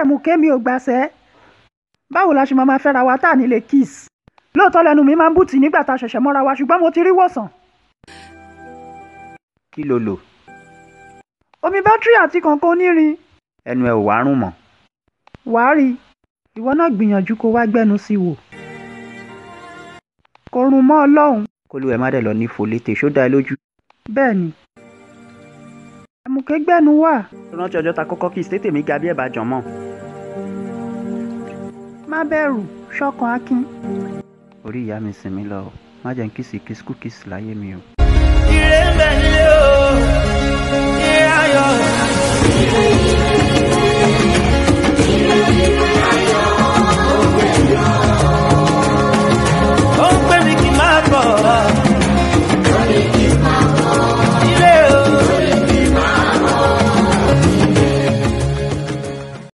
ẹ̀ mú kémi ò gbàṣẹ́ báwo la ṣe máa fẹ́ra wa tá à ní lè kiss lóòótọ́ lẹ́nu mi máa ń bùtì nígbà tá a ṣẹ̀ṣẹ̀ mọ́ra wa ṣùgbọ́n mo ti rí wòsàn. kí lo lò. omi bátírì àti kọ̀ọ̀kan onírin. ẹnu ẹ ò wá rùn mọ́. wàá rí i ìwọ náà gbìyànjú kó wá gbẹ́nu sí i wò. kò rùn mọ́ ọlọ́run. kólú ẹ má dẹ̀ lọ ní folete ṣó dá ẹ lójú. bẹ́ẹ̀ ni ẹ̀mùkẹ́ gbẹ́nu wà. rántí ọjọ́ ta kọ́kọ́ kí stétèmí ga bí ẹ̀ bá jọ mọ́ má bẹ̀rù ṣọkàn akin. orí ìyá mi sìn mí lọ má jẹ́ n kìsì kìsìkú kìsì láyé mi o. ire